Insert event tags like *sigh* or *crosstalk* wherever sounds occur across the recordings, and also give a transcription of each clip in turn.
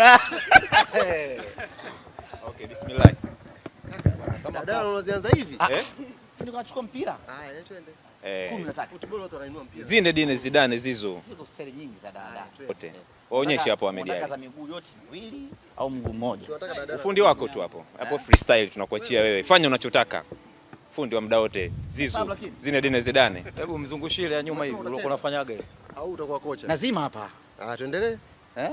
*laughs* Okay, bismillah. Kama unaanza hivi? Ah. Eh? Ndio kachukua mpira. Ah, leo twende. Eh. na 13. Football watu wanainua mpira. Zinde dine zidane zizo. Ziko stari nyingi za dada. Ah, wote. Waonyeshe hapo wa media. Unataka za miguu yote miwili au mguu mmoja? Ufundi wako tu hapo. Eh? Hapo freestyle tunakuachia wewe. Fanya unachotaka. Fundi wa muda wote. Zizo. Zinde dine zidane. Hebu mzungushie ya nyuma hivi. Unafanyaga ile Au utakuwa kocha? Lazima hapa. Ah, tuendelee. Eh?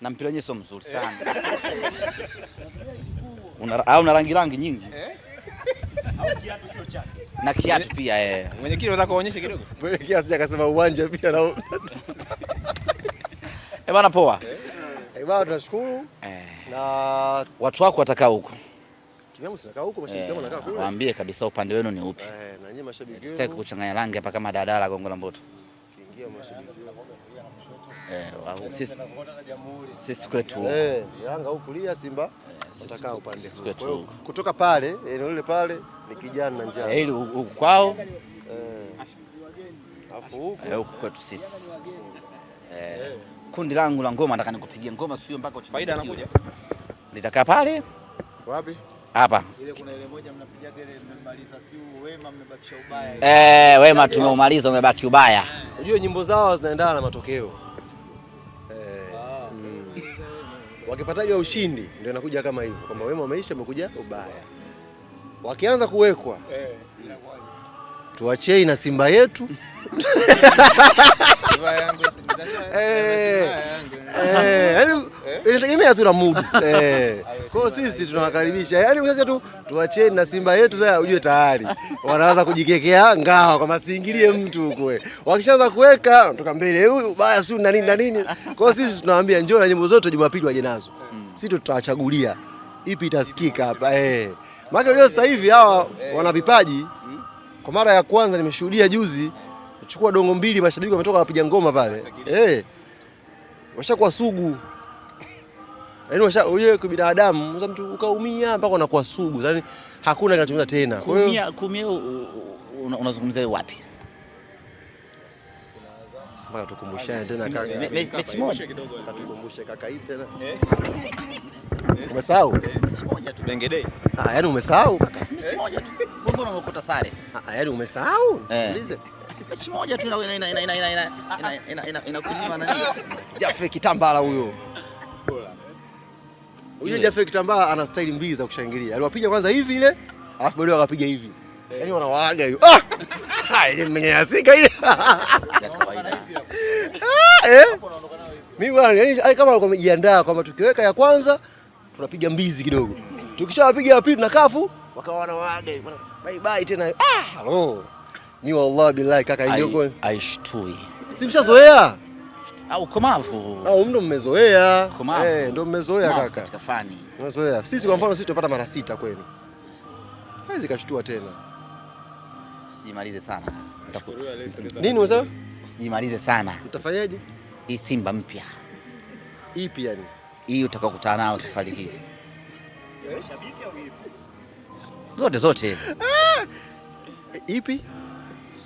na mpira wenyewe sio mzuri sana eh. *laughs* una, una rangi rangi nyingi eh. na kiatu pia eh. Mwenye kile unataka kuonyesha kidogo? Mwenye kile asija akasema uwanja pia na Eh bana poa. Eh, eh bana tunashukuru. Na watu wako watakaa huko. Timu sitakaa huko mashabiki wangu wanakaa kule. Waambie kabisa upande wenu ni upi. Eh na nyinyi mashabiki wenu. Sitaki kuchanganya rangi hapa kama dadala Gongo la Mboto. Kiingia mashabiki. Eh, sisi sisi kwetu eh, Yanga huku lia Simba eh, watakaa upande huko. Kutoka pale eneo lile pale ni kijana na njaa. Eh, ili huku kwao eh, huku eh, huku kwetu sisi eh, kundi langu la ngoma nataka nikupigie ngoma sio mpaka faida anakuja. Nitakaa pale wapi? Hapa ile kuna ile moja mnapiga ile mmemaliza, si wema mmebakisha ubaya. Eh, wema tumeumaliza umebaki ubaya. Unajua nyimbo zao zinaendana na matokeo. wakipataga ushindi ndio inakuja kama hivyo kwamba wema maisha umekuja ubaya, wakianza kuwekwa eh, tuachei na Simba yetu *laughs* eh, eh, eh, yaani inategemea tu na mood. *laughs* Kwa sisi tunawakaribisha, yani sasa tu tuwacheni na Simba yetu, sasa ujue tayari wanaanza kujikekea ngawa kama siingilie mtu huko. Wakishaanza kuweka toka mbele huyu baya si na nini na nini. Kwa sisi tunawaambia njoo na nyimbo zote Jumapili waje nazo. Hmm. Sisi tutawachagulia ipi itasikika hapa eh. Maana sasa hivi hawa wana vipaji hmm. Kwa mara ya kwanza nimeshuhudia juzi kuchukua dongo mbili, mashabiki wametoka wapiga ngoma pale eh, washakuwa sugu yaani washa yeye kwa binadamu sasa, mtu ukaumia mpaka unakuwa sugu, yaani hakuna kinachoweza tena. Kwa hiyo kumia, kumia unazungumzia wapi? mpaka tukumbushane tena kaka. Mechi moja tukumbushe kaka hii tena. Umesahau? Mechi moja tu Bengede. Ah, yani umesahau kaka, Si mechi moja tu. Mbona unakuta sare? Ah, yani umesahau? Ulize. Mechi moja tu ina ina ina ina ina ina ina ina kuzima na nani? Jafe Kitambala huyo. Huyo Jafe Kitambala ana style mbili za kushangilia. Aliwapiga kwanza hivi ile, alafu baadaye akapiga hivi. Yaani wanawaaga hiyo. Ah! Hai, Ile hiyo. Ya kawaida. *laughs* Eh? Mimi bwana, yani kama walikuwa wamejiandaa kwamba tukiweka ya kwanza tunapiga mbizi kidogo, tukishawapiga ya pili na kafu wakawa wanawaaga bye bye tena. Ah, no. ni wallahi billahi kaka, ndio aishtui, simshazoea au ah, komavu au ah, mdo mmezoea, eh, ndio mmezoea kaka, katika fani mmezoea. Sisi kwa mfano sisi tupata mara sita kwenu, haizi kashtua tena, simalize sana nini unasema? usijimalize sana. Utafanyaje? Hii Simba mpya ipi yani? Hii utakakutana nao safari hii zote zote. Ah, ipi?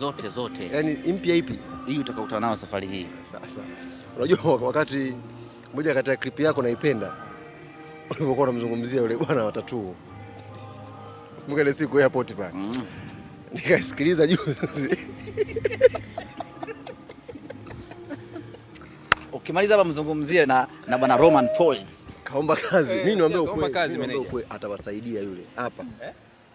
Zote zote Yaani mpya ipi? Hii utakakutana nao safari hii. Sasa unajua wakati moja kati ya clip yako naipenda Ulipokuwa unamzungumzia yule bwana watatu mkale siku airport pale, mm. nikasikiliza juzi *laughs* Ukimaliza hapa mzungumzie na na bwana Roman Falls. Kaomba kazi. Eh, mimi niambia ukweli, atawasaidia yule hapa.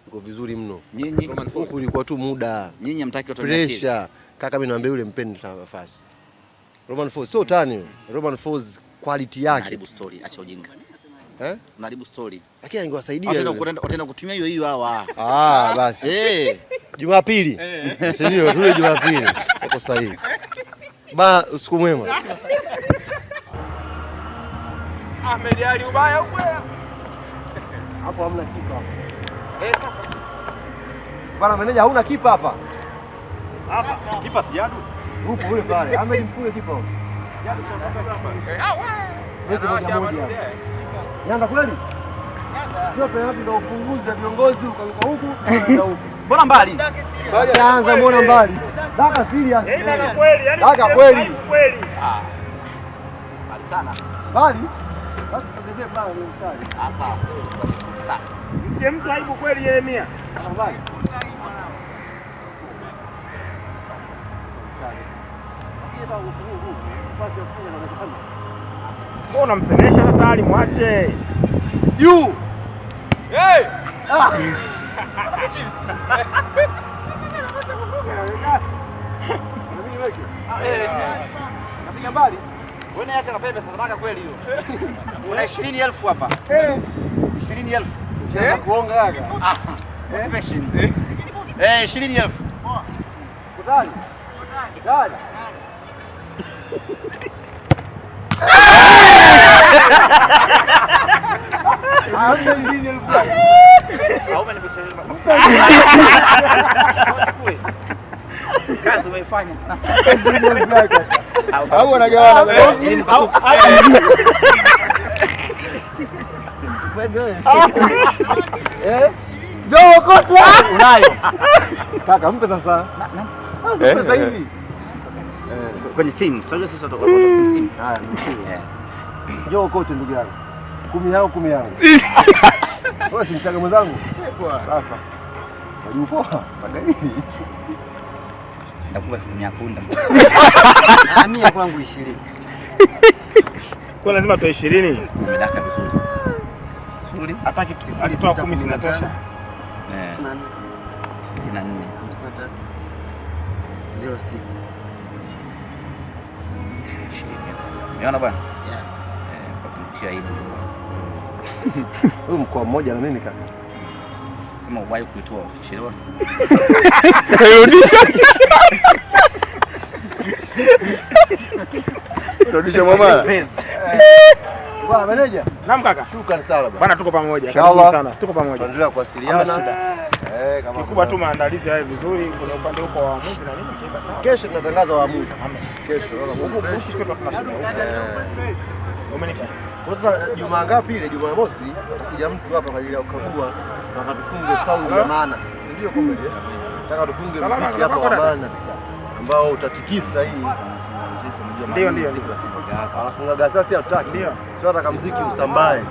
Uko eh? vizuri mno. Nyinyi huku ilikuwa tu muda. Nyinyi hamtaki watu pressure. Kaka mimi niambia yule mpeni nafasi. Roman Falls sio tani. Roman Falls quality yake. Haribu story, acha ujinga. Eh? Unaharibu story. Lakini angewasaidia yule. Wataenda kutumia hiyo hiyo hawa. Ah, basi. Eh. Jumapili. Sio hiyo, yule Jumapili. Uko sahihi. Ba, usiku mwema. Ahmed Ali ubaya huko. Hapo hamna kipa Eh, sasa. Bana meneja hauna kipa hapa. Hapa kipa sijadu. Huko yule pale. *laughs* Ahmed mfunge kipa huko. Eh, ah, ah, Yanga kweli? Wapi ndio ufunguzi wa viongozi ukaluka huku na huku. Mbona mbali? Kaanza mbona mbali? Daka serious. Yaani daka kweli, yani kweli. Kweli. Ah. Bali sana. Bali. Mtie mtu aibu kweli Yeremia. Unamsemesha sasa ali mwache juu. Wewe acha na pembe sasa nataka kweli hiyo. Kuna *laughs* 20000 hapa. Eh. 20000. Unaweza eh? kuonga kaka. Ah. Motivation. Eh, 20000. Poa. Kutani. Kutani. Dada. Hapo ni 20000. Hapo ni 20000. Kazi umeifanya. *laughs* Au wanagawana. Yaani *laughs* eh? Unayo. Kaka mpe sasa. Sasa eh? hivi. Eh, kwenye simu. Sasa sisi tutakuwa kwa simu simu. Haya. Jo kota ndugu yangu. Kumi yao kumi yao. *laughs* Wewe si mchanga mwenzangu? Sasa. Unajupoa? Paka nini? Nitakupa shilingi mia kunda. Mimi kwangu ishirini Kwa lazima tu 20. Umedaka vizuri. Sifuri. Hata kitu kumi zinatosha. Eh. 94. 94. 06. bwana? Yes. Eh, aibu. *laughs* Huyu mkoa mmoja na mimi kaka. Sema uwahi kuitoa ukichelewa. *laughs* Rudisha. niache mama. Bwana meneja. Naam kaka. Shukrani sana bwana. Bwana tuko pamoja. Karibu sana. Tuko pamoja. Tunaendelea kuwasiliana. Eh, kama kikubwa tu maandalizi haya vizuri kwa upande huko wa waamuzi na nini kiweka sawa. Kesho tunatangaza waamuzi. Kesho. Eh. Kwa sasa Jumaa ngapi ile Jumaa mosi atakuja mtu hapa kwa ajili ya kukagua na kutufunga sauti ya maana. Ndio kweli. Nataka tufunge muziki hapa wa maana ambao utatikisa hii ndio ndio si hataki ndio sio ataka muziki usambae,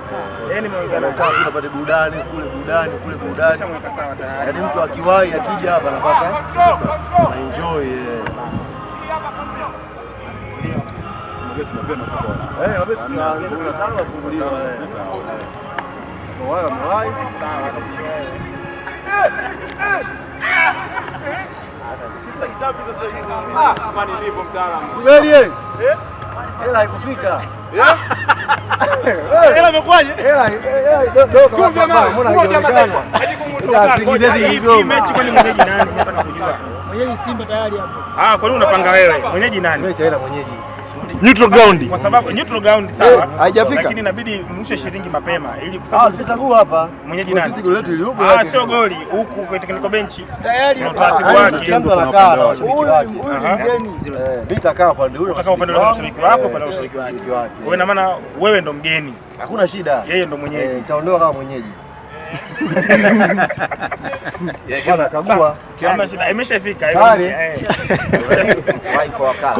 yaani apate burudani kule burudani kule burudani, yaani mtu akiwahi akija hapa anapata na enjoy eh. Eh, eh, hela haikufika. Simba tayari hapo. Ah, kwa nini unapanga wewe? Mwenyeji nani? Mwenyeji neutral ground. Kwa sababu neutral ground sawa. Eh, haijafika. Lakini inabidi mrushe shilingi mapema ili kwa ah, sababu sasa nguo hapa. Mwenyeji nani? Sisi goli letu huko. Ah, sio goli. Huku kwa technical bench. Tayari utaratibu yaani wake. Mtu anakaa. Huyu mgeni. Eh, Vita kaa upande ule. Utakaa upande wa mshabiki wako, eh, pale, wa wake. Wewe na maana wewe ndo mgeni. Hakuna shida. Yeye ndo mwenyeji. Itaondoka kama mwenyeji.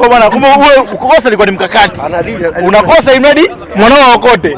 Bwana, eh. kumbe kukosa ilikuwa ni mkakati, unakosa imradi mwanao aokote.